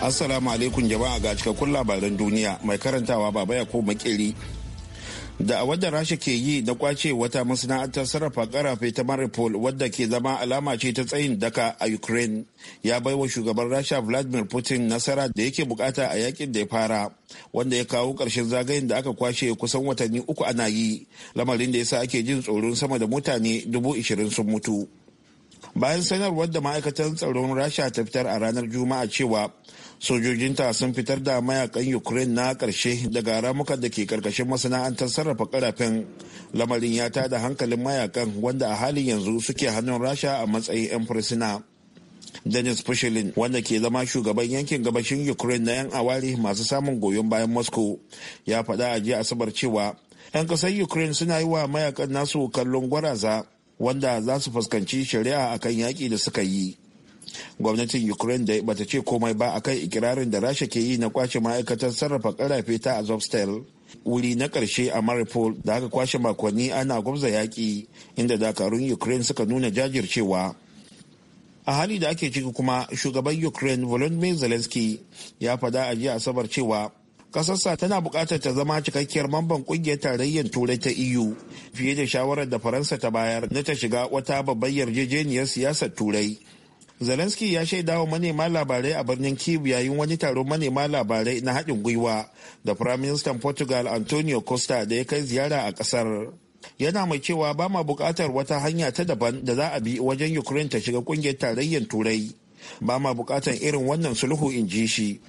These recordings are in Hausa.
Assalamu alaikum jama'a ga cikakkun labaran duniya mai karantawa baba ya ko makeri. Da a wadda Rasha ke yi na kwace wata masana'antar sarrafa karafe ta Maripol wadda ke zama alama ce ta tsayin daka a Ukraine ya baiwa shugaban Rasha Vladimir Putin nasara da yake bukata a yakin da ya fara wanda ya kawo ƙarshen zagayen da aka kwashe kusan watanni uku ana yi lamarin da ya sa ake jin tsoron sama da mutane dubu ishirin sun mutu. Bayan sanarwar da ma'aikatan tsaron Rasha ta fitar a ranar Juma'a cewa sojojinta sun fitar da mayakan ukraine na karshe daga ramukan da ke karkashin masana'antar sarrafa karafin lamarin ya tada hankalin mayakan wanda a halin yanzu suke hannun rasha a matsayin 'yan fursuna denis fushilin wanda ke zama shugaban yankin gabashin ukraine na 'yan awari masu samun goyon bayan moscow ya faɗa a jiya asabar cewa 'yan ƙasar ukraine suna yi wa mayakan nasu kallon gwaraza wanda za su fuskanci shari'a akan yaƙi da suka yi gwamnatin ukraine da bata ce komai ba akan ikirarin da rasha ke yi na kwashe ma'aikatar sarrafa karafe ta azovstal wuri na karshe a maripol da aka kwashe makonni ana gwamza yaƙi inda dakarun ukraine suka nuna jajircewa a hali da ake ciki kuma shugaban ukraine volodymyr zelensky ya fada a jiya asabar cewa kasarsa tana buƙatar ta zama cikakkiyar mamban ƙungiyar tarayyar turai ta eu fiye da shawarar da faransa ta bayar na ta shiga wata babbar yarjejeniyar siyasar turai Zelensky ya shaida wa manema labarai a birnin Kyiv yayin wani taron manema labarai na haɗin gwiwa da Firaministan Portugal Antonio Costa da ya kai ziyara a ƙasar. Yana mai cewa ba ma buƙatar wata hanya ta daban da za a bi wajen Ukraine ta shiga ƙungiyar tarayyar Turai. Ba ma buƙatar irin wannan sulhu in ji shi.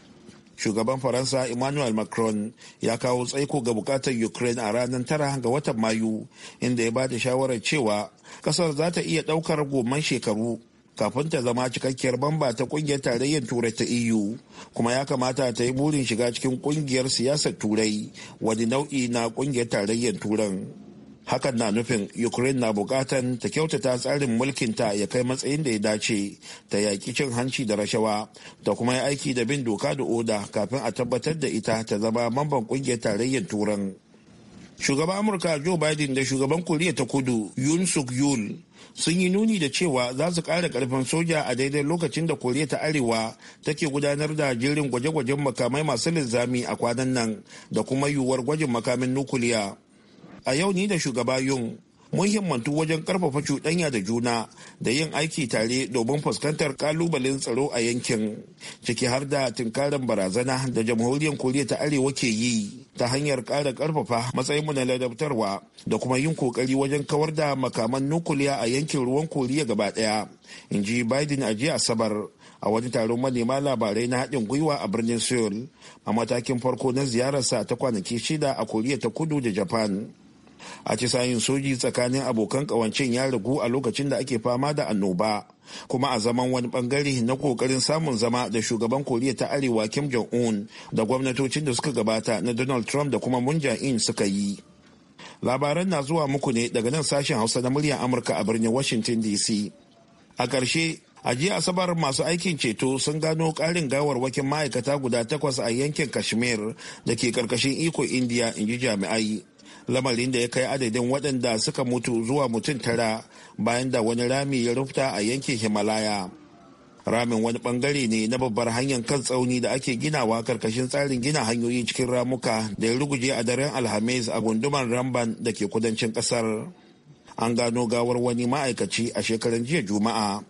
Shugaban Faransa Emmanuel Macron ya kawo tsaiko ga buƙatar Ukraine a ranar tara ga watan Mayu, inda ya ba da shawarar cewa ƙasar za ta iya ɗaukar goman shekaru kafin ta zama cikakkiyar bamba ta kungiyar tarayyar turai ta eu kuma ya kamata ta yi burin shiga cikin kungiyar siyasar turai wani nau'i na kungiyar tarayyar turan hakan na nufin ukraine na bukatan ta kyautata tsarin mulkinta ya kai matsayin da ya dace ta yaƙi cin hanci da rashawa ta kuma yi aiki da bin doka da oda kafin a tabbatar da ita ta zama mamban kungiyar tarayyar turan shugaban amurka joe biden da shugaban koriya ta kudu yun suk yul sun yi nuni da cewa za su ƙara ƙarfin soja a daidai lokacin da koriya ta arewa take gudanar da jirin gwaje-gwajen makamai masu linzami a kwanan nan da kuma yiwuwar gwajin makamin nukuliya a yau ni da shugaba yun muhimmantu wajen karfafa cuɗanya da juna da yin aiki tare domin fuskantar kalubalen tsaro a yankin ciki har da tunkarin barazana da jamhuriyar koriya ta arewa ke yi ta hanyar ƙara ƙarfafa matsayinmu na ladabtarwa da kuma yin kokari wajen kawar da makaman nukuliya a yankin ruwan koriya gaba ɗaya in ji biden a jiya asabar a wani taron manema labarai na haɗin gwiwa a birnin seoul a matakin farko na ziyararsa ta kwanaki shida a koriya ta kudu da japan a ci sayin soji tsakanin abokan kawancin ya ragu a lokacin da ake fama da annoba kuma a zaman wani bangare na kokarin samun zama da shugaban koriya ta arewa kim jong-un da gwamnatocin da suka gabata na donald trump da kuma moon in suka yi labaran na zuwa muku ne daga nan sashen hausa na muryar amurka a birnin washington dc a ƙarshe a jiya asabar masu aikin ceto sun gano ƙarin gawarwakin ma'aikata guda takwas a yankin kashmir da ke ƙarƙashin iko india in ji jami'ai lamarin da ya kai adadin waɗanda suka mutu zuwa mutum tara bayan da wani rami ya rufta a yankin himalaya ramin wani bangare ne na babbar hanyar kan tsauni da ake ginawa karkashin tsarin gina hanyoyi cikin ramuka da ya ruguje a daren alhamis a gunduman ramban da ke kudancin kasar an gano gawar wani ma'aikaci a shekaran jiya juma'a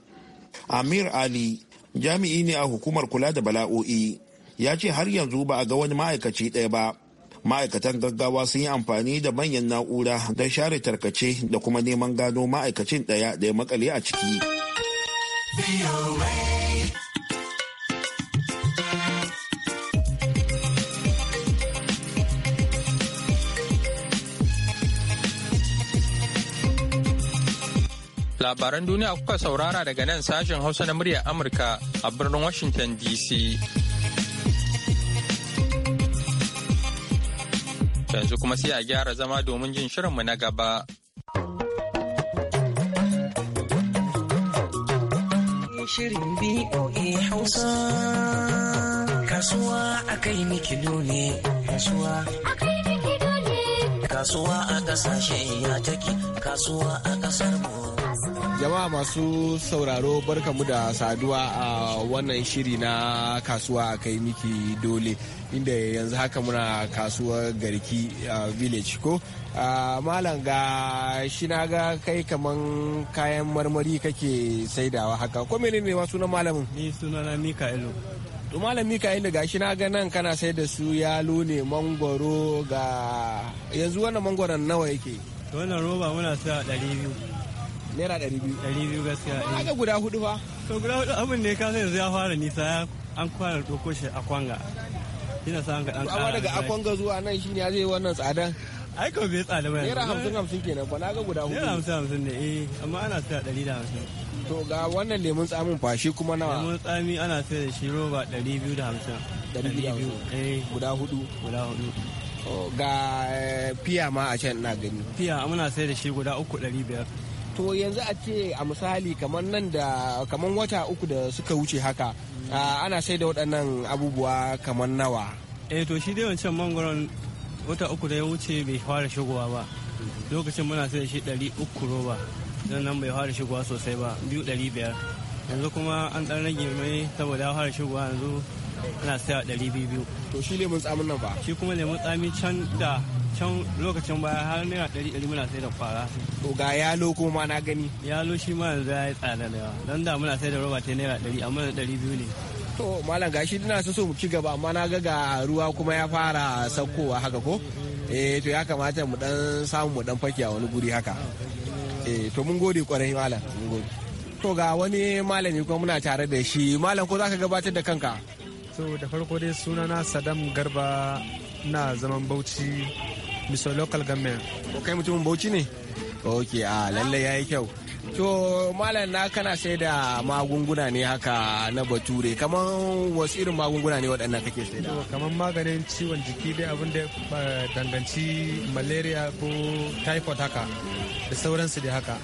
amir ali jami'i ne a hukumar kula da bala'o'i ya ce har yanzu ba a ga wani ma'aikaci ɗaya ba ma'aikatan gaggawa sun yi amfani da manyan na'ura don share tarkace da kuma neman gano ma'aikacin ɗaya da ya makale a ciki Labaran duniya kuka saurara daga nan sashen Hausa na muryar Amurka a birnin Washington DC. Yanzu kuma sai a gyara zama domin jin shirinmu na gaba. Shirin BOA Hausa Kasuwa a kai mikido ne Kasuwa a kai mikido ne Kasuwa a kasashe ya take Kasuwa a kasar mu Jama'a masu sauraro barkamu da saduwa a wannan shiri na kasuwa kai miki dole inda yanzu haka muna kasuwar garki village ko malam ga shi na ga kai kaman kayan marmari kake saidawa haka ko menene ma sunan malamin ni sunana mika'ilu to malam mika'ilu ga shi na ga nan kana sai da su yalo ne mangoro ga yanzu wannan mangoron nawa yake wannan roba muna sa ɗari biyu naira ɗari biyu ɗari biyu gaskiya eh. ga guda hudu fa to guda hudu abin ne ka sai yanzu ya fara nisa ya an fara ɗauko shi a kwanga ina sa an ka ɗan amma daga akwanga zuwa nan shi ya zai wannan tsadan ai kawai bai tsada ba naira hamsin hamsin kenan ba na ga guda hudu naira hamsin hamsin ne eh amma ana saya ɗari da hamsin to ga wannan lemun tsamin fa shi kuma nawa lemun tsami ana sayar da shi roba ɗari biyu da hamsin ɗari biyu eh guda hudu guda hudu ga fiya eh, ma a can na gani fiya muna sayar da shi guda uku ɗari biyar to yanzu a ce a misali kamar nan da kamar wata uku da suka wuce haka mm. ana sai da waɗannan abubuwa kamar nawa eh to shi dai wancan mangoron wata uku da ya wuce bai fara shigowa ba mm-hmm. lokacin muna sai da shi ɗari uku roba don nan bai fara shigowa sosai ba biyu ɗari biyar yanzu kuma an ɗan rage mai saboda ya fara shigowa yanzu ana a ɗari biyu biyu to shi lemun tsamin nan ba shi kuma lemun tsami can da can lokacin baya har naira ɗari ɗari muna sai da kwara. To ga yalo ko ma na gani. Yalo shi ma yanzu ya yi tsada da yawa. Don da muna sai da roba ta naira ɗari amma da ɗari biyu ne. To malam gashi dina so so mu ci gaba amma na ga ga ruwa kuma ya fara saukowa haka ko? Eh to ya kamata mu dan samu mu dan fake a wani guri haka. Eh to mun gode kwarai malam. Mun gode. To ga wani malami kuma muna tare da shi malam ko za ka gabatar da kanka? To da farko dai sunana Sadam Garba na zaman bauchi miso local government ko kai mutumin bauchi ne ok a lalle ya yi kyau to malam na kana sai da magunguna ne haka na bature kamar wasu irin magunguna ne waɗannan kake sai da kamar maganin ciwon jiki dai abin da danganci malaria ko typhoid haka da sauransu da haka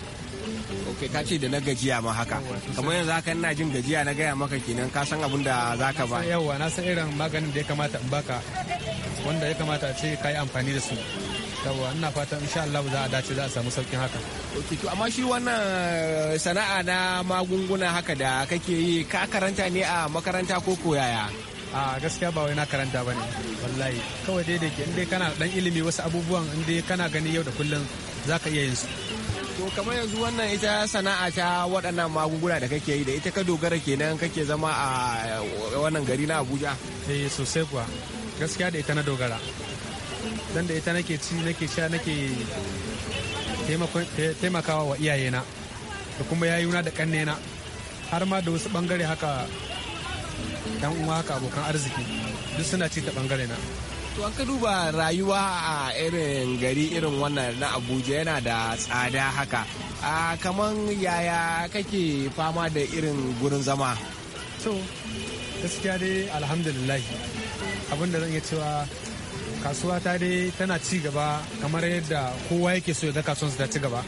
ok ka ce da na gajiya ma haka kamar yanzu haka ina jin gajiya na gaya maka kenan ka san abin da za ka ba yawa na san irin maganin da ya kamata in baka wanda ya kamata a ce ka yi amfani da su yawa ina fatan insha Allah za a dace za a samu saukin haka to amma shi wannan eh, sana'a na magunguna haka da kake yi ka karanta ne a makaranta ko koyaya a gaskiya ba wai na karanta bane wallahi kawai dai da ke in dai kana dan ilimi wasu abubuwan in dai kana gani yau da kullum zaka iya yin su to kamar yanzu wannan ita sana'a ta waɗannan magunguna da kake yi da ita ka dogara kenan kake zama a eh, wannan gari na Abuja eh sosai kuwa gaskiya da ita na dogara dan da ita nake ci nake sha nake taimakawa wa iyayena da kuma yayuna da kannena har ma da wasu bangare haka dan uwa haka abokan arziki duk suna ci ta bangare na to an ka duba rayuwa a irin gari irin wannan na abuja yana da tsada haka a kaman yaya kake fama da irin gurin zama to gaskiya dai alhamdulillah abin da zan iya cewa kasuwa ta dai tana ci gaba kamar yadda kowa yake so ya ga kasuwansu ta ci gaba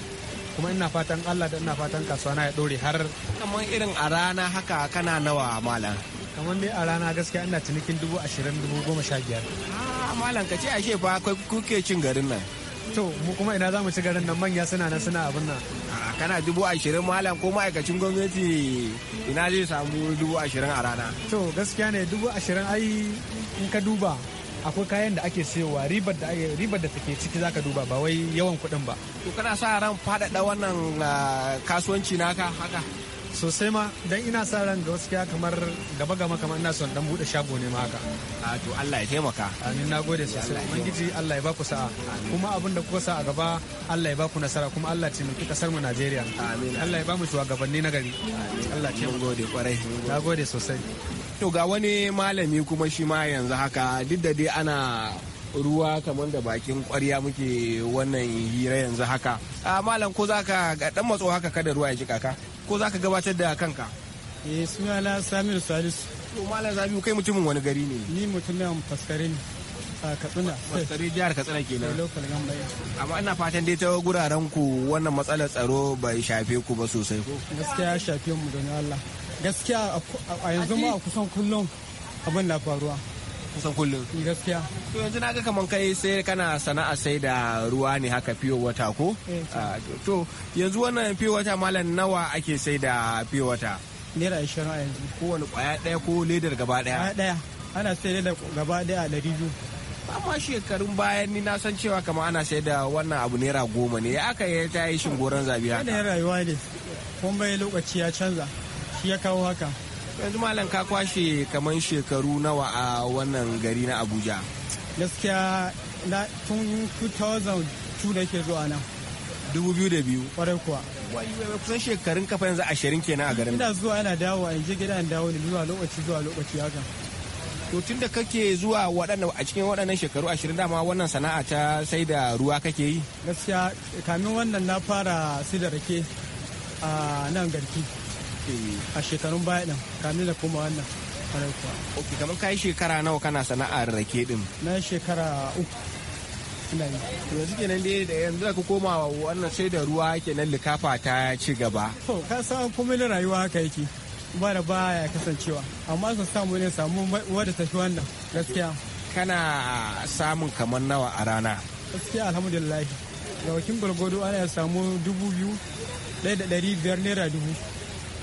kuma ina fatan allah da ina fatan kasuwa na ya dore har kamar irin a rana haka kana nawa malam kamar dai a rana gaskiya ina cinikin dubu ashirin dubu goma sha biyar ah, malam ka ce ashe fa kuke cin garin nan to mu kuma ina za mu ci garin nan manya suna nan suna abin nan kana dubu ashirin malam ko ma'aikacin gwamnati ina zai samu dubu ashirin a rana. To gaskiya ne dubu ashirin ai in ka duba akwai kayan da ake sayowa ribar da ribar da take ciki zaka duba ba wai yawan kuɗin ba. To kana sa ran faɗaɗa wannan ah, kasuwanci naka haka? sosai ma dan ina sa ran ga gaskiya kamar gaba gama kamar ina son dan bude shago ne ma haka a ah, to Allah ya taimaka amin nagode sosai ubangiji Allah ya baku sa'a kuma abin da kuka sa a gaba Allah ya baku nasara kuma Allah ya taimaki kasar mu Najeriya amin Allah ya ba mu shugabanni na gari Allah ya gode kwarai nagode sosai to ga wani malami kuma shi ma yanzu haka duk da dai ana ruwa kamar da bakin kwarya muke wannan hira yanzu haka ah, malam ko za ka ga dan matso haka kada ruwa ya ji kaka ko za ka gabatar da kanka eh sunana samir salisu to malam zabiu kai mutumin wani gari ne ni mutumin faskare ne a katsina faskare jihar katsina kenan eh, local gambaya amma ina fatan dai ta guraren ku wannan matsalar tsaro bai shafe ku ba sosai ko gaskiya ya shafe mu don Allah gaskiya a yanzu ma a kusan kullum abin na faruwa kusan kullum eh, gaskiya to yanzu na ga kaman kai sai kana sana'a sai da ruwa ne haka fiye wata ko eh, ah, to yanzu wannan fiye wata malam nawa ake sai da fiye wata naira ashirin a yanzu kowane kwaya daya ko ledar gaba daya daya ana sai ledar gaba daya a dari biyu amma shekarun bayan ni na san cewa kamar ana sai da wannan abu naira goma ne ya aka yi ta yi shingoron zabi haka yanayin rayuwa ne kuma bai lokaci ya canza shi ya kawo haka yanzu malam ka kwashe kamar shekaru nawa a wannan gari na abuja gaskiya na tun 2002 da ke zuwa nan 2002 kwarai kuwa kusan shekarun kafa yanzu ashirin kenan a garin ina zuwa yana dawo a je gida dawo ne zuwa lokaci zuwa lokaci haka to tun da kake zuwa waɗanda a cikin waɗannan shekaru ashirin dama wannan sana'a ta sai da ruwa kake yi gaskiya kamin wannan na fara sai da rake a nan garki a shekarun baya din kamin da kuma wannan kwarai Ok, kamar ka yi shekara nawa kana sana'ar rake din? Na shekara uku. Ina yi. Yanzu kenan dai da yanzu da ka koma wannan sai da ruwa kenan likafa ta ci gaba. To, ka san komai na rayuwa haka yake. Ba da baya kasancewa. Amma su samu ne samu wadda tafi wannan gaskiya. Kana samun kamar nawa a rana? Gaskiya alhamdulillah. Ga wakin gwargwado ana samu dubu biyu ɗaya da ɗari biyar naira dubu.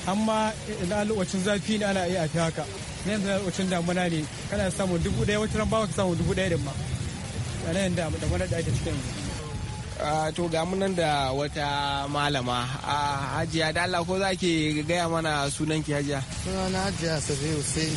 amma na lokacin zafi ne ana iya fi haka na yanzu na lokacin damuna ne kana samun dubu ɗaya wata ran ba ka samun dubu ɗaya din ma a nan da damuna da ake cikin to ga munan da wata malama a hajiya da Allah ko za gaya mana sunan ki hajiya sunana hajiya sabi hussein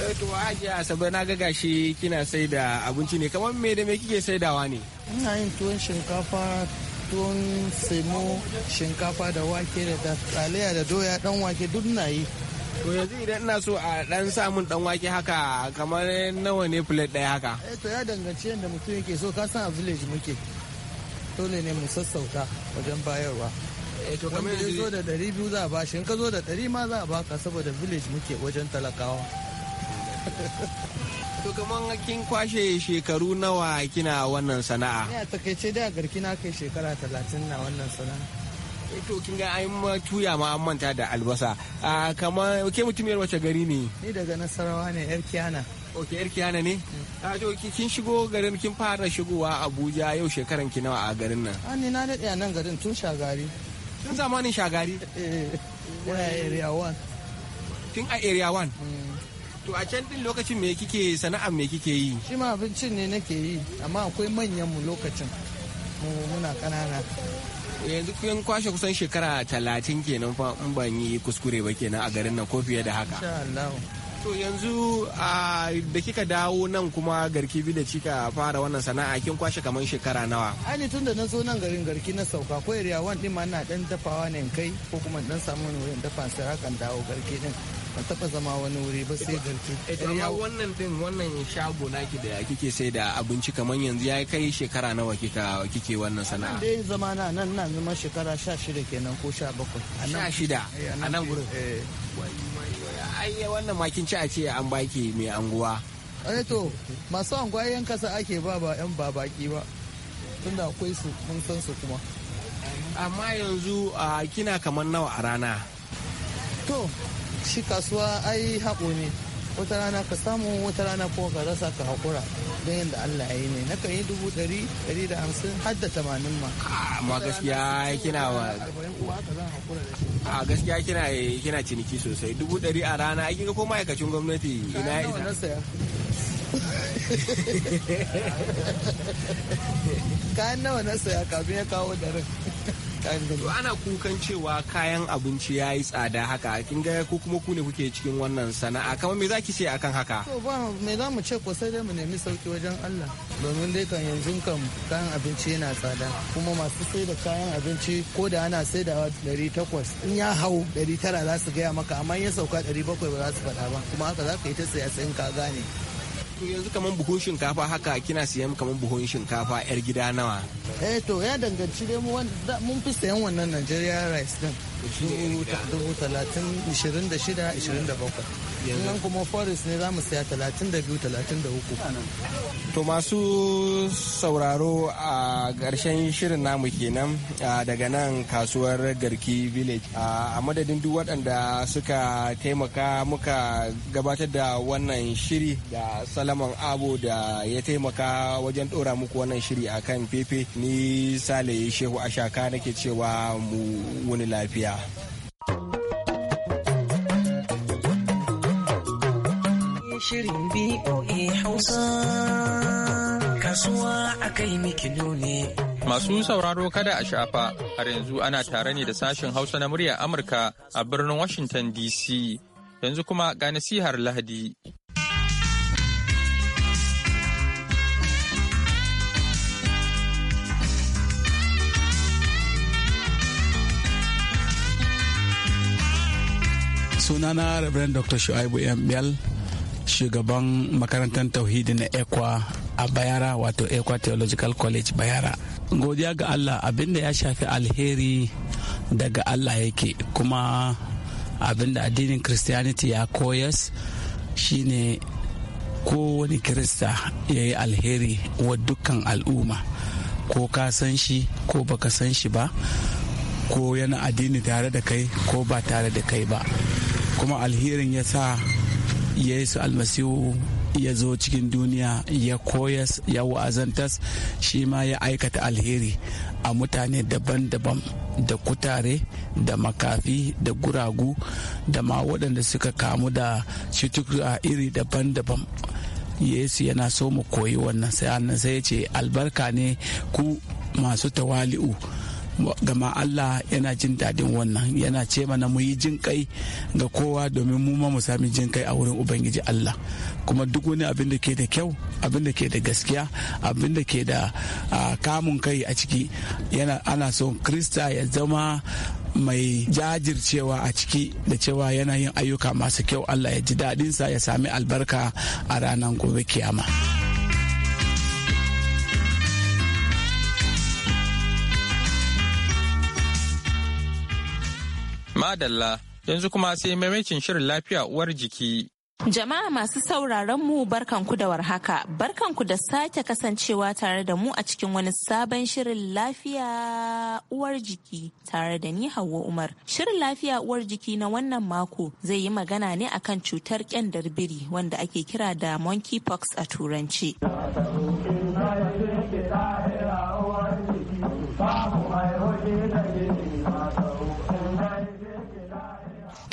eh, to hajiya sabi na ga gashi kina sai da abinci ne kamar me da me kike saidawa ne ina yin tuwon shinkafa tuwon semo shinkafa da wake da taliya da doya dan wake duk na yi to yanzu idan ina so a dan samun dan wake haka kamar nawa ne plate daya haka eh to ya danganci yadda mutum yake so ka san a village muke dole ne mu sassauta wajen bayarwa eh, kamar yanzu zo da ɗari biyu za a ba shi in ka zo da ɗari ma za a baka saboda village muke wajen talakawa To kaman kin kwashe shekaru nawa kina wannan sana'a? Ni a takaice da garki na kai shekara talatin na wannan sana'a. Eh, to kin ga an tuya ma an manta da albasa. A ah, kaman ke yar wace gari ne? Ni daga Nasarawa ne yar Kiyana. Ok yar Kiyana ne? Mm. A ah, to kin shigo garin kin fara shigowa Abuja yau shekaran ki nawa a garin nan? Ah, ni na daɗe a nan garin tun shagari. Tun zamanin shagari? Eh, eh area 1. Tun a area 1? To a can din lokacin me kike sana'a me kike yi? Shi ma abincin ne nake yi amma akwai manyan mu lokacin muna kanana. Yanzu kun kwashe kusan shekara talatin kenan fa in ban yi kuskure ba kenan a garin nan ko fiye da haka. Insha Allah. To yanzu da kika dawo nan kuma garki bi da cika fara wannan sana'a kin kwashe kamar shekara nawa. Ani tun da na zo nan garin garki na sauka ko area 1 din ma ina dan dafawa ne kai ko kuma dan samu wani dafa sai hakan dawo garki din. a taba zama wani wuri ba sai garki eh, amma wannan din wannan shago naki da kike sai da abinci kamar yanzu ya kai shekara nawa kika kike wannan sana'a dai zama na nan na zama shekara 16 kenan ko 17 16 a nan gurin eh, eh. ai wannan makin ci a ce an baki mai anguwa ai to masu anguwa yan kasa ake ba ba yan babaki ba tunda akwai su mun san su kuma amma yanzu ah, kina kamar nawa a rana to shi kasuwa ai haƙo ne wata rana ka samu wata rana kuma ka rasa ka haƙura don yadda Allah ya yi ne na kan yi dubu ɗari ɗari da hamsin har da tamanin ma. Ah, amma gaskiya kina wa a ah, gaskiya kina kina ciniki sosai dubu ɗari a rana ai kika ko ma'aikacin gwamnati ina isa. kayan nawa na saya kafin ya kawo ɗarin. ana kukan cewa kayan abinci ya yi tsada haka kin ga ko kuma ku ne kuke cikin wannan sana'a kamar me za ki ce akan haka to ba me za mu ce ko sai dai mu nemi sauki wajen Allah domin dai kan yanzu kan kayan abinci yana tsada kuma masu sai da kayan abinci ko da ana sai da 800 in ya hau 900 za su gaya maka amma in ya sauka 700 ba za su faɗa ba kuma haka za ka yi ta sai a ka gane to yanzu kaman buhun shinkafa haka kina siyan kamar buhun shinkafa yar gida nawa eh to ya danganci dai mun fi sayan wannan Nigeria rice din dubu kuma forest ne za mu saya talatin da to masu sauraro a ƙarshen shirin namu kenan daga nan kasuwar garki village a madadin duk waɗanda suka taimaka muka gabatar da wannan shiri da salaman abu da ya taimaka wajen ɗora muku wannan shiri akan fefe ni sale shehu ashaka nake cewa mu wani lafiya najeriya shirin BOA Hausa. Kasuwa a Masu sauraro kada a shafa, har yanzu ana tare ne da sashen Hausa na murya Amurka a birnin Washington DC. Yanzu kuma ga nasihar Lahadi. sunana Reverend Dr. Shu'aibu yambiyal shugaban makarantar tauhidi na Ekwa a Bayara wato Ekwa Theological College Bayara. Godiya ga Allah abinda ya shafi alheri daga Allah yake kuma abinda addinin Christianity ya koyas shine kowane Kirista ya yi alheri wa dukkan al'umma ko ka san shi ko baka san shi ba ko yana addini tare da kai ko ba tare da kai ba. kuma alherin ya sa yesu almasihu ya zo cikin duniya ya koyas ya wa'azantas shi ma ya aikata alheri a mutane daban-daban da kutare da makafi da guragu da ma waɗanda suka kamu da cutukura iri daban-daban yesu yana so mu koyi wannan sai ya ce albarka ne ku masu tawali'u gama Allah yana jin daɗin wannan yana ce mana mu yi jin kai ga kowa domin mu ma mu sami jin kai a wurin ubangiji Allah kuma duk wani abin da ke da kyau abin da ke da gaskiya abin da ke da kamun kai a ciki yana ana so krista ya zama mai jajircewa a ciki da cewa yana yin ayyuka masu kyau Allah ya ji daɗinsa ya sami albarka a ranar gobe kiyama. Madalla yanzu kuma sai maimacin shirin lafiya uwar jiki. Jama'a masu sauraron mu barkanku da warhaka, barkanku da sake kasancewa tare da mu a cikin wani sabon shirin lafiya uwar jiki tare da ni Hauwa Umar. Shirin lafiya uwar jiki na wannan mako zai yi magana ne akan cutar kyandar biri wanda ake kira da monkeypox a turanci.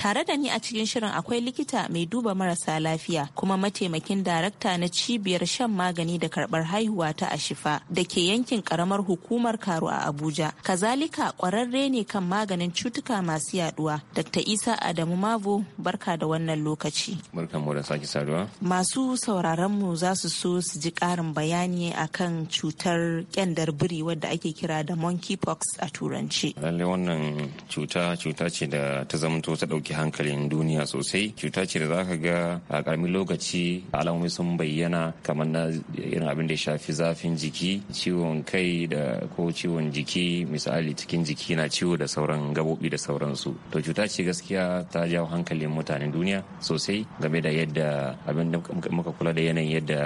Tare da ni a cikin shirin akwai likita mai duba marasa lafiya kuma mataimakin darakta na cibiyar shan magani da karbar haihuwa ta Ashifa da ke yankin karamar hukumar Karu a Abuja. Kazalika kwararre ne kan maganin cutuka masu yaduwa. Dr. Isa Adamu Mavo barka da wannan lokaci. Masu sauraron mu za su so su ji karin bayani akan cutar kyandar biri wadda ake kira da monkeypox a turanci. Lalle wannan cuta cuta ce da ta ta dauki hankalin duniya sosai cuta ce da ka ga a karamin lokaci alamomi sun bayyana kamar na irin abin da ya shafi zafin jiki ciwon kai da ko ciwon jiki misali cikin jiki na ciwo da sauran gabobi da sauransu to cuta ce gaskiya ta jawo hankalin mutanen duniya sosai game da yadda abin da muka kula da yanayin yadda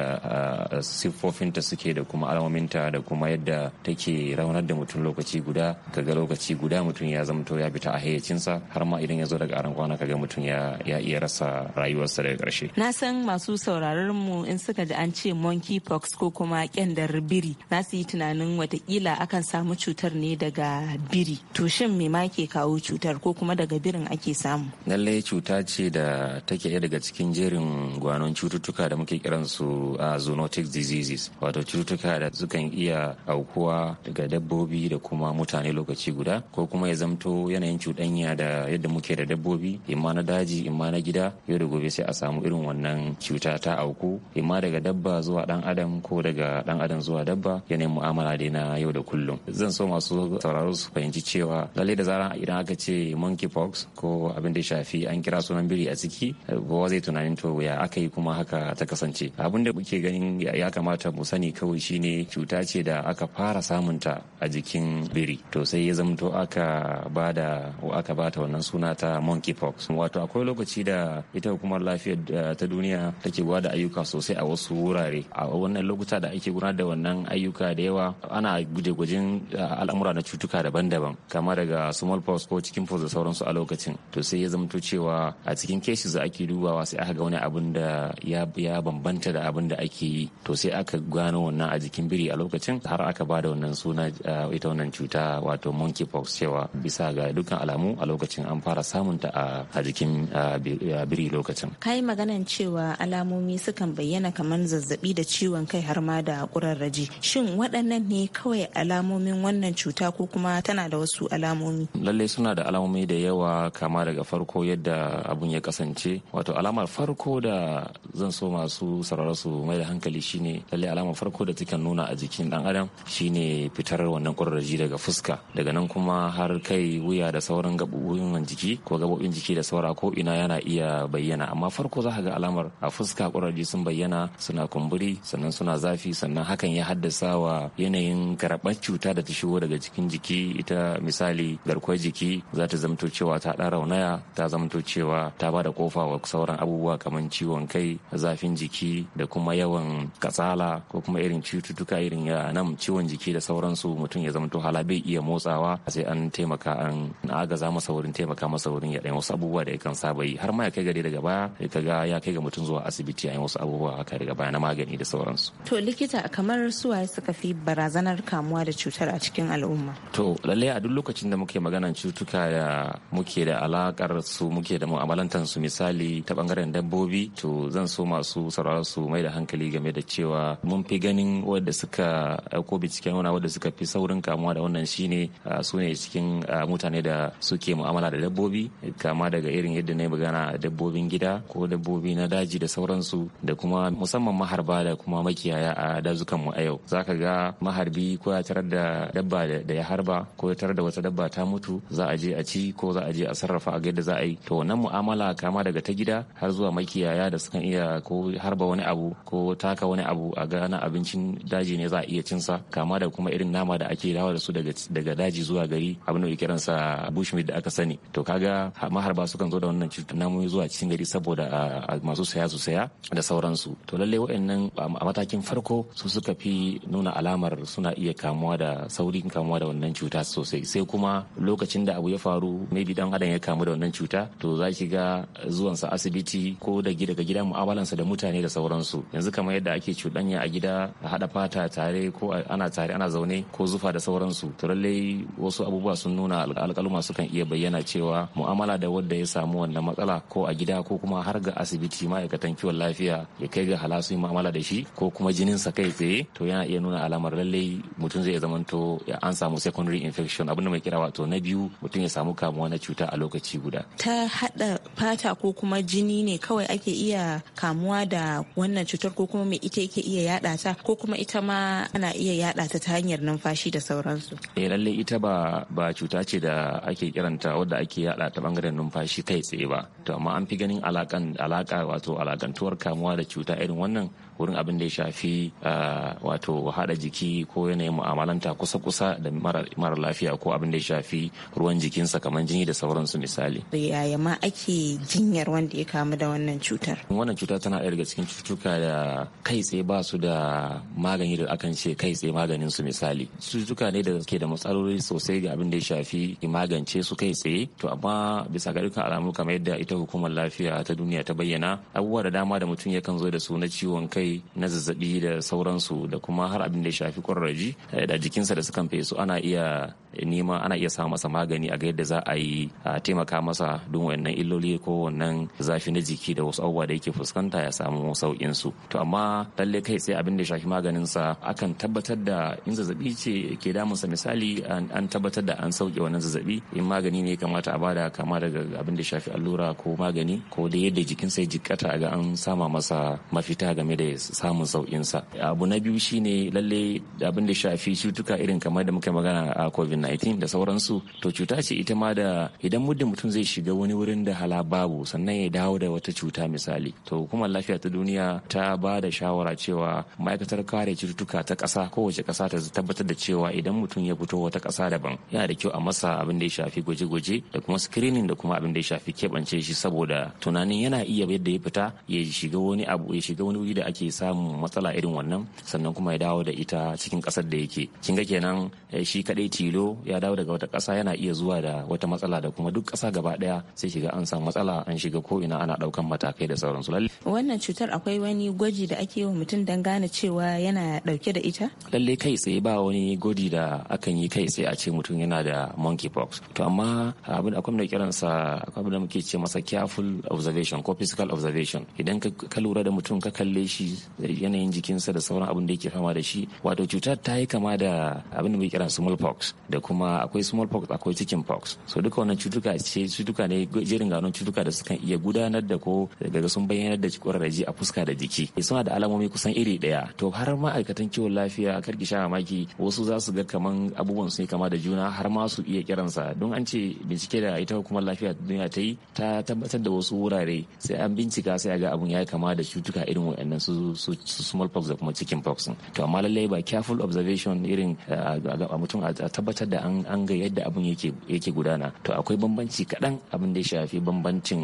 siffofinta suke da kuma alamominta da kuma yadda take raunar da mutum lokaci guda kaga lokaci guda mutum ya to ya fita a hayyacinsa har ma idan ya zo daga wannan kwana kaga mutum ya iya rasa rayuwarsa daga karshe na san masu sauraron mu in suka ji an ce monkey pox ko kuma kyandar biri na su yi tunanin watakila akan samu cutar ne daga biri to shin me ma ke kawo cutar ko kuma daga birin ake samu lallai cuta ce da take ɗaya daga cikin jerin gwanon cututtuka da muke su a zoonotic diseases wato cututtuka da sukan iya aukuwa daga dabbobi da kuma mutane lokaci guda ko kuma ya zamto yanayin cuɗanya da yadda muke da dabbobi dabbobi imma na daji imma na gida yau da gobe sai a samu irin wannan cuta ta auku imma daga dabba zuwa dan adam ko daga dan adam zuwa dabba yanayin mu'amala dai na yau da kullum zan so masu sauraro su fahimci cewa lalle da zaran idan aka ce monkeypox ko abin da shafi an kira sunan biri a ciki kowa zai tunanin to ya aka yi kuma haka ta kasance abin da muke ganin ya kamata mu sani kawai shine cuta ce da aka fara samunta a jikin biri to sai ya zamto aka bada aka bata wannan suna ta monkey monkeypox wato akwai lokaci da ita hukumar lafiya eh, ta duniya take gwada ayyuka sosai a wasu wurare a wannan lokuta da ake gudanar da wannan ayyuka da yawa ana guje-gujen eh, al'amura na cutuka daban-daban kama daga smallpox ko chicken pox da sauransu a lokacin to sai ya zamto cewa a cikin cases da ake dubawa sai aka ga wani abin da ya bambanta da abin da ake yi to sai aka gano wannan a jikin biri a lokacin har aka ba da wannan suna eh, ita wannan cuta wato monkeypox cewa bisa ga dukkan alamu a lokacin an fara samunta a a jikin biri lokacin kai maganan cewa alamomi sukan bayyana kamar zazzabi da ciwon kai har ma da kurarraji shin waɗannan ne kawai alamomin wannan cuta ko kuma tana da wasu alamomi lallai suna da alamomi da yawa kama daga farko yadda abun ya kasance wato alamar farko da zan so masu sauraro su mai da hankali shine lallai alamar farko da take nuna a jikin dan adam shine fitar wannan kurarraji daga fuska daga nan kuma har kai wuya da sauran gaɓoɓin jiki ko gaɓoɓin gaɓoɓin jiki da saura ko ina yana iya bayyana amma farko za ga alamar a fuska ƙuraje sun bayyana suna kumburi sannan suna zafi sannan hakan ya haddasa wa yanayin karɓar cuta da ta shigo daga cikin jiki ita misali garkuwar jiki za ta zamto cewa ta ɗan raunaya ta zamto cewa ta ba da kofa wa sauran abubuwa kamar ciwon kai zafin jiki da kuma yawan katsala ko kuma irin cututtuka irin ya nan ciwon jiki da sauransu mutum ya zamto hala bai iya motsawa sai an taimaka an agaza masa wurin taimaka masa wurin ya ɗaya wasu abubuwa da yakan saba yi har ma ya kai gari daga baya ya ga ya kai ga mutum zuwa asibiti yayin wasu abubuwa haka daga baya na magani da sauransu to likita kamar su suwaye suka fi barazanar kamuwa da cutar a cikin al'umma to lalle a duk lokacin da muke magana cutuka ya muke da alakar su muke da mu'amalantar su misali ta bangaren dabbobi to zan so masu sauraron su mai da hankali game da cewa mun fi ganin wadda suka ko binciken wani wadda suka fi saurin kamuwa da wannan shine su ne cikin mutane da suke mu'amala da dabbobi ka kama daga irin yadda na yi magana dabbobin gida ko dabbobi na daji da sauransu da kuma musamman maharba da kuma makiyaya a dazukanmu a yau za ka ga maharbi ko ya tarar da dabba da ya harba ko ya tarar da wata dabba ta mutu za a je a ci ko za a je a sarrafa a yadda za a yi to wannan mu'amala kama daga ta gida har zuwa makiyaya da sukan iya ko harba wani abu ko taka wani abu a gana abincin daji ne za a iya cinsa kama da kuma irin nama da ake dawa da su daga daji zuwa gari abin da kiransa bushmeat da aka sani to kaga ba sukan zo da wannan cutar namomi zuwa cikin gari saboda masu saya su saya da sauransu to lalle wa'annan a matakin farko su suka fi nuna alamar suna iya kamuwa da saurin kamuwa da wannan cuta sosai sai kuma lokacin da abu ya faru maybe dan adam ya kamu da wannan cuta to za ki ga zuwansa asibiti ko da daga gida mu'amalansa da mutane da sauransu yanzu kamar yadda ake cuɗanya a gida a haɗa fata tare ko ana tare ana zaune ko zufa da sauransu to lallai wasu abubuwa sun nuna alƙaluma sukan iya bayyana cewa mu'amala da wanda ya samu wannan matsala ko a gida ko kuma har ga asibiti ma'aikatan kiwon lafiya ya kai ga halasu mu'amala da shi ko kuma jininsa kai tsaye to yana iya nuna alamar lallai mutum zai zamanto an samu secondary infection abinda mai kira wato na biyu mutum ya samu kamuwa na cuta a lokaci guda. Ta hada fata ko kuma jini ne kawai ake iya kamuwa da wannan cutar ko kuma mai ita yake iya yada ta ko kuma ita ma ana iya yada ta ta hanyar numfashi da sauransu. Eh lallai ita ba ba cuta ce da ake kiranta wadda ake yada ta bangaren wannan numfashi kai tsaye ba to amma an fi ganin alaka wato alakantuwar kamuwa da cuta irin wannan wurin abin da ya shafi ah, wato haɗa jiki ko yanayin mu'amalanta kusa-kusa da mara lafiya ko abin da ya shafi ruwan jikinsa kamar jini da sauransu misali. Yaya ma ake jinyar wanda ya kamu da wannan cutar? Wannan cuta tana ɗaya daga cikin cututtuka da kai tsaye ba su da magani da akan ce kai tsaye maganin su misali. Cututtuka ne da ke da matsaloli sosai ga abin da ya shafi magance su kai tsaye to amma bisa ga dukkan alamu kamar yadda ita hukumar lafiya ta duniya ta bayyana abubuwa da dama da mutum yakan zo da su na ciwon kai na zazzabi da sauransu da kuma har abin da ya shafi kwararraji eh, da jikinsa da sukan fesu ana iya nema ana iya sa masa magani a ga yadda za a yi a taimaka masa don wannan illoli ko wannan zafi na jiki da wasu abubuwa da yake fuskanta ya samu saukin su to amma lalle kai sai abin da ya shafi maganin sa akan tabbatar da in zazzabi ce ke damunsa misali an tabbatar da an sauke wannan zazzabi in magani ne kamata a bada kama daga abin da ya shafi allura ko magani ko da yadda jikinsa ya jikkata ga an sama masa mafita game da samun samun sa abu na biyu shine lalle abin da shafi cutuka irin kamar da muka magana a covid-19 da sauransu to cuta ce ita ma da idan muddin mutum zai shiga wani wurin da hala babu sannan ya dawo da wata cuta misali to hukumar lafiya ta duniya ta ba da shawara cewa ma'aikatar kare cututtuka ta ƙasa kowace ƙasa ta tabbatar da cewa idan mutum ya fito wata ƙasa daban yana da kyau a masa abin da ya shafi gwaje-gwaje da kuma screening da kuma abin da ya shafi keɓance shi saboda tunanin yana iya yadda ya fita ya shiga wani abu ya shiga wani wuri da ake ake samun matsala irin wannan sannan kuma ya dawo da ita cikin kasar da yake kin ga kenan eh, shi kadai tilo ya dawo daga wata kasa yana iya zuwa da wata matsala da kuma duk kasa gaba daya sai shiga an samu matsala an shiga ko ina ana daukan matakai da sauransu wannan cutar akwai wani gwaji da ake wa mutum don gane cewa yana dauke da ita lalle kai tsaye ba wani gwaji da akan yi kai tsaye a ce mutum yana da monkeypox to amma ah, abin akwai da kiransa akwai da muke ce masa careful observation ko physical observation idan ka lura da mutum ka kalle shi yanayin jikinsa da sauran abin da yake fama da shi wato cutar ta yi kama da abin da muke kira smallpox da kuma akwai smallpox akwai chickenpox so duka wannan cutuka ce cutuka ne jerin ganon cutuka da sukan iya gudanar da ko daga sun bayyanar da kwararraji a fuska da jiki eh, suna da alamomi kusan iri daya to har ma'aikatan kiwon lafiya kar ki sha mamaki wasu za su ga kaman abubuwan sun yi kama da juna har ma su iya kiransa don an ce bincike da ita kuma lafiya duniya ta yi ta tabbatar da wasu wurare sai an bincika sai a ga abun ya kama da cutuka irin waɗannan su su smallpox da kuma chicken to amma lallai ba careful observation irin eh, a mutum a tabbatar da an ga yadda abin yake gudana to akwai bambanci kaɗan abin da ya shafi bambancin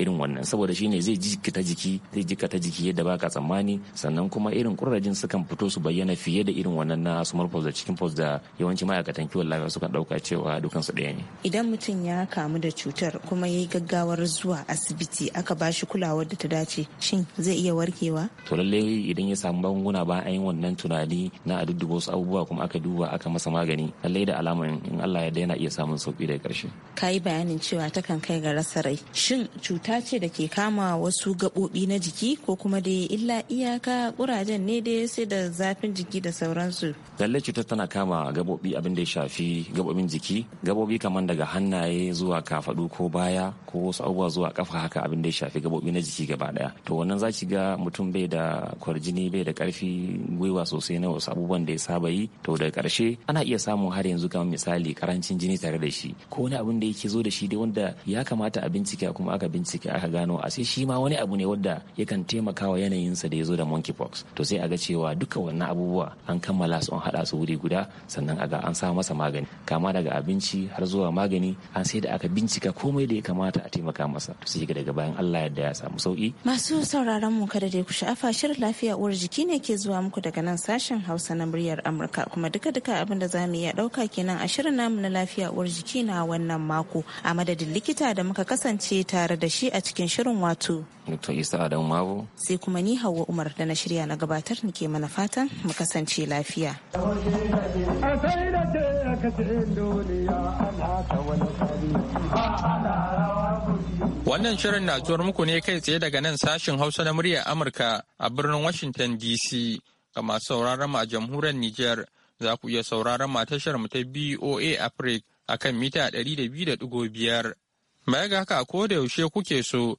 irin wannan saboda shine zai jikita jiki zai jikata jiki yadda baka tsammani sannan kuma irin kurajin sukan fito su bayyana fiye da irin wannan na small pox da chicken pox da yawanci ma'aikatan kiwon lafiya suka ɗauka cewa dukan su ɗaya ne idan mutum ya kamu da cutar kuma ya yi gaggawar zuwa asibiti aka bashi kulawar da ta dace shin zai iya warkewa to lalle idan ya samu magunguna ba an yi wannan tunani na a dudduba wasu abubuwa kuma aka duba aka masa magani lalle da alama in Allah ya daina iya samun sauki daga karshe ka yi bayanin cewa ta kan kai ga rasa rai shin cuta ce da ke kama wasu gabobi na jiki ko kuma dai illa iyaka kurajen ne dai sai da zafin jiki da sauransu lalle cutar tana kama gabobi abin da ya shafi gabobin jiki gabobi kamar daga hannaye zuwa kafaɗu ko baya ko wasu abubuwa zuwa kafa haka abin da ya shafi gabobi na jiki gaba ɗaya to wannan za ga mutum bai da da jini bai da karfi gwiwa sosai na wasu abubuwan da ya saba yi to da karshe ana iya samun har yanzu kamar misali karancin jini tare da shi ko wani abin da yake zo da shi dai wanda ya kamata a bincike kuma aka bincike aka gano a sai shi ma wani abu ne wanda yakan taimakawa yanayinsa da ya zo da monkeypox to sai a ga cewa duka wannan abubuwa an kammala su an haɗa su wuri guda sannan a ga an sa masa magani kama daga abinci har zuwa magani an sai da aka bincika komai da ya kamata a taimaka masa to sai daga bayan Allah yadda ya samu sauki masu sauraron mu kada dai ku sha'afa shirin lafiya uwar jiki ne ke zuwa muku daga nan sashen Hausa na muryar Amurka kuma duka-duka abin da za mu iya ɗauka kenan a shirin namu na lafiya uwar jiki na wannan mako a madadin likita da muka kasance tare da shi a cikin shirin wato Dr. Isa Adamu Sai kuma ni Hauwa Umar da na shirya na gabatar nake mana fatan mu kasance lafiya. Wannan shirin na zuwar muku ne kai tsaye daga nan sashin Hausa na muryar Amurka a birnin Washington DC ga masu sauraron mu a jamhuriyar Nijar za ku iya sauraron mu tashar mu ta BOA Africa akan mita 200.5. mai ga haka ko da yaushe kuke so